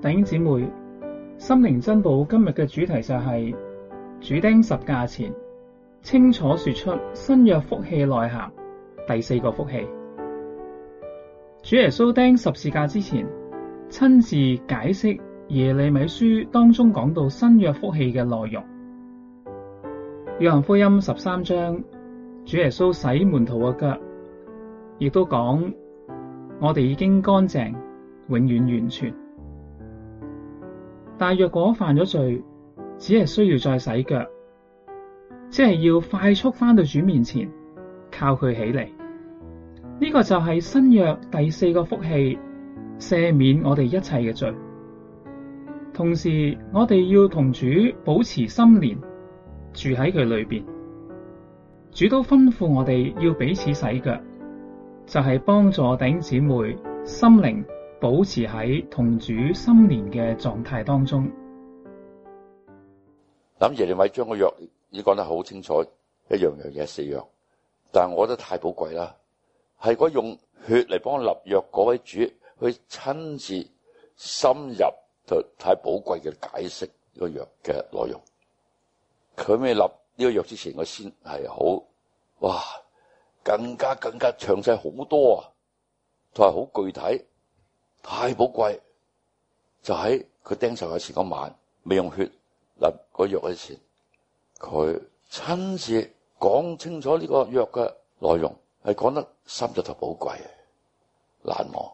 弟兄姐妹，心靈珍寶今日嘅主題就係主釘十架前，清楚說出新約福氣內涵。第四個福氣，主耶穌釘十字架之前，親自解釋耶利米書當中講到新約福氣嘅內容。約翰福音十三章，主耶穌洗門徒嘅腳，亦都講我哋已經乾淨，永遠完全。但若果犯咗罪，只係需要再洗腳，即係要快速翻到主面前，靠佢起嚟。呢、這個就係新約第四個福氣，赦免我哋一切嘅罪。同時，我哋要同主保持心連，住喺佢裏邊。主都吩咐我哋要彼此洗腳，就係、是、幫助弟兄姊妹心靈。保持喺同主心連嘅狀態當中。林耶利偉將個約已講得好清楚，一樣樣嘢，四樣，但係我覺得太寶貴啦。係嗰用血嚟，幫我立約嗰位主，去親自深入，就太寶貴嘅解釋呢個約嘅內容。佢未立呢個約之前，我先係好哇，更加更加詳細好多啊，同埋好具體。太寶貴，就喺佢釘十架嘅時嗰晚，未用血嗱、那個約嘅前，佢親自講清楚呢個約嘅內容，係講得心咗頭寶貴、難忘。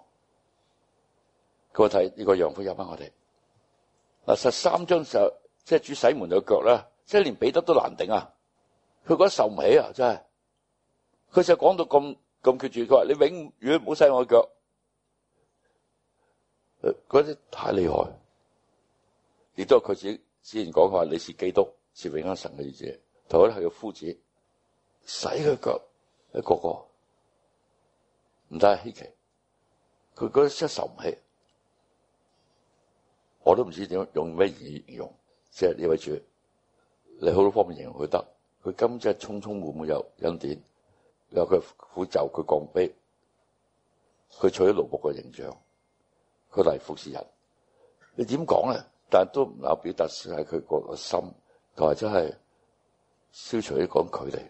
佢話：「睇呢個約翰福音我哋嗱十三章就即係主洗門嘅腳啦，即係連彼得都難頂啊！佢覺得受唔起啊，真係佢就講到咁咁決絕，佢話你永遠唔好洗我嘅腳。嗰啲太厲害，亦都係佢自之前講，佢話你是基督，是永生神嘅兒子。頭嗰啲係個夫子，洗佢腳，一個一個唔睇，稀奇，佢覺得真係受唔起，我都唔知點用咩形容。即係呢位主，你好多方面形容佢得，佢今即係匆匆忙忙有恩典，又佢撫就佢降卑，佢取咗奴僕嘅形象。佢嚟服侍人，你點講咧？但係都唔能夠表達出佢個個心，同埋真係消除啲講距離。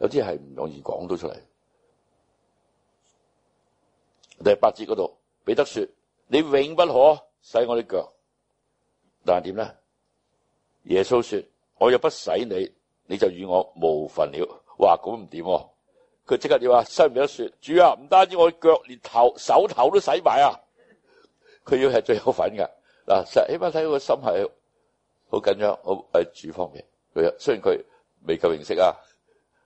有啲係唔容易講到出嚟。第八節嗰度，彼得說：你永不可洗我啲腳。但係點咧？耶穌說：我若不洗你，你就與我無分了。哇！咁唔掂佢即刻要啊？洗唔到說主啊！唔單止我腳，連頭手頭都洗埋啊！佢要係最有份嘅嗱，實起碼睇個心係好緊張，好係主方面。佢雖然佢未夠認識啊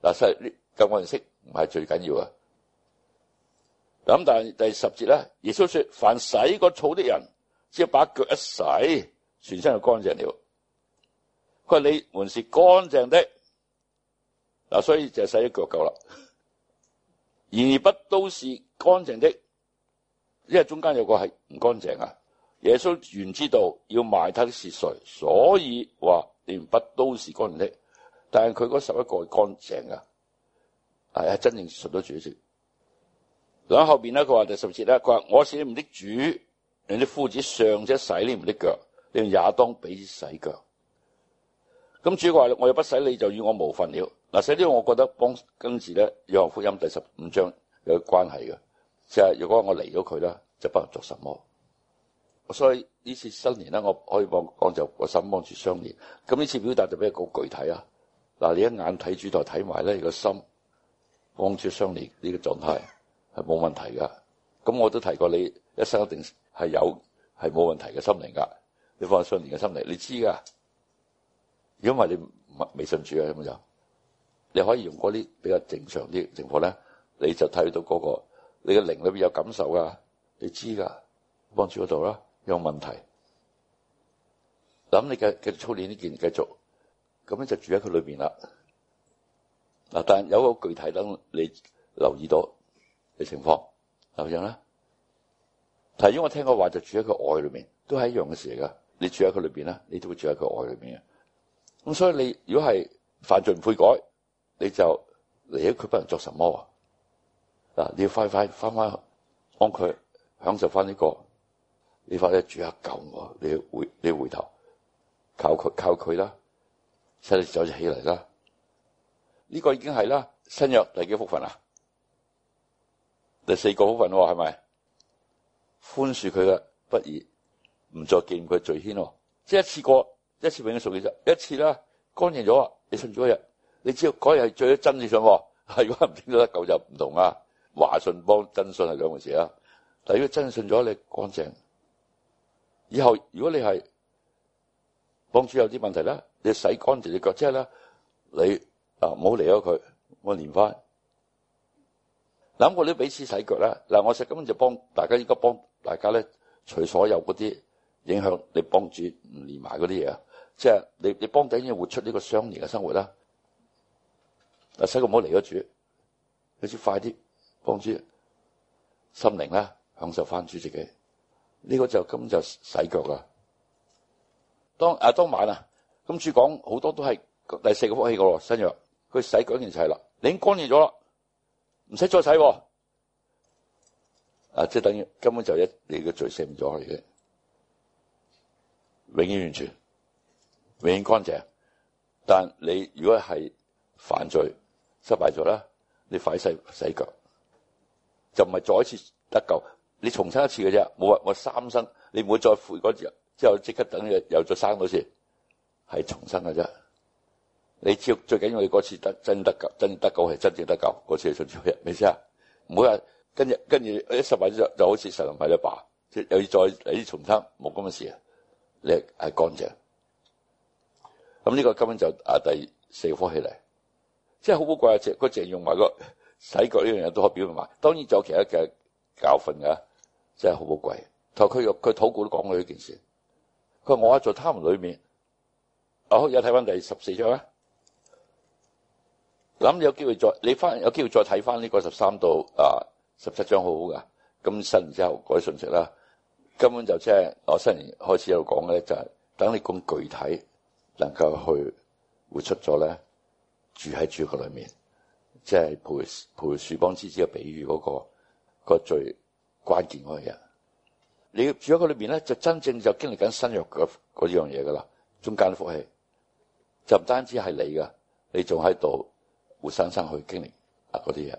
嗱，實係呢夠認識唔係最緊要啊。咁但係第十節咧，耶穌說：凡洗過澡的人，只要把腳一洗，全身就乾淨了。佢話你們是乾淨的嗱，所以就洗咗腳夠啦。而不都是乾淨的，因為中間有個係唔乾淨啊。耶穌原知道要賣他的是誰，所以話連不都是乾淨的。但係佢嗰十一個乾淨啊，係真正信咗主的。咁後邊咧，佢話第十節咧，佢話我是你唔的主，你啲夫子尚且洗你唔的，的腳，你唔也當彼此洗腳。咁主話，我若不洗你就與我無分了。嗱，寫呢個我覺得幫跟住咧，約翰福音第十五章有關係嘅，即係如果我離咗佢咧，就不能作什麼。所以呢次新約咧，我可以幫講就我心望住相連。咁呢次表達就比較具體啊。嗱，你一眼睇主台睇埋咧，你心個心望住相連呢個狀態係冇問題噶。咁我都提過你，你一生一定係有係冇問題嘅心靈噶。你放新約嘅心靈，你知噶。如果唔係你未信主啊咁就。你可以用嗰啲比較正常啲情況咧，你就睇到嗰、嗰個你嘅靈裏面有感受噶，你知噶，幫助嗰度啦有問題。嗱，咁，你繼繼續操練呢件，繼續咁咧就住喺佢裏面啦。嗱，但係有個具體等你留意到嘅情況，留意啦。頭先我聽講話就住喺佢愛裏面，都係一樣嘅事嚟噶。你住喺佢裏面咧，你都會住喺佢愛裏面嘅。咁所以你如果係犯罪唔悔改，你就嚟喺佢不能作什麼啊！你要快快翻翻幫佢享受翻、這、呢個，你快啲煮下救我！你回你回頭靠佢靠佢啦，伸咗就起嚟啦！呢、這個已經係啦，新約第幾福分啦，第四個福分喎，係咪寬恕佢嘅不義，唔再記念佢罪愆喎？即一次過，一次永遠數幾多？一次啦，乾淨咗，你信咗一日。你知道嗰日係最真信上喎，係如果唔清楚得救就唔同啊，華信幫真信係兩回事啊，但如果真信咗，你乾淨。以後如果你係幫主有啲問題咧，你洗乾淨隻腳即係咧，你啊唔好離咗佢，我連翻諗過啲彼此洗腳啦。嗱，我食根本就幫大家，應該幫大家咧除所有嗰啲影響你幫主唔連埋嗰啲嘢啊，即係你你幫頂要活出呢個相連嘅生活啦。但七個唔好嚟咗住，你先快啲幫住心靈啦，享受翻主席嘅呢個就根本就洗腳㗎。當啊當晚啊，今次講好多都係第四個福氣個喎，新約佢洗腳件事喇，啦，你已經乾淨咗啦，唔使再洗喎、啊。啊！即係等於根本就一你嘅罪洗唔咗嚟嘅，永遠完全永遠乾淨。但你如果係犯罪，失敗咗啦，你快洗洗腳，就唔係再一次得救，你重生一次嘅啫。冇話我三生，你唔會再回嗰日，之後即刻等你又再生，係重生嘅啫。你最最緊要係嗰次得真得救，真得救係真正得救，嗰次係最重要嘅。明唔明先啊？唔好話跟住跟住一失敗就就好似神唔係你爸，即係又要再嚟啲重生，冇咁嘅事。你係乾淨。咁呢個今日就啊第四科起嚟。即係好寶貴啊！淨淨係用埋個洗腳呢樣嘢都可以表明埋。當然仲有其他嘅教訓噶，真係好寶貴。同佢佢禱告都講過呢件事。佢話我喺在他們裏面，好而睇翻第十四章啊，諗有機會再你翻有機會再睇翻呢個十三到啊十七章好，好好噶。咁新年之後改信息啦，根本就即係我新年開始有講嘅咧，就係等你咁具體能夠去活出咗咧。住喺主角裏面，即、就、係、是、陪陪曙幫之子嘅比喻嗰、那個那個最關鍵嗰人，嘢。你住喺個裏面咧，就真正就經歷緊新約嘅嗰樣嘢噶啦。中間的福氣就唔單止係你噶，你仲喺度活生生去經歷啊嗰啲嘢。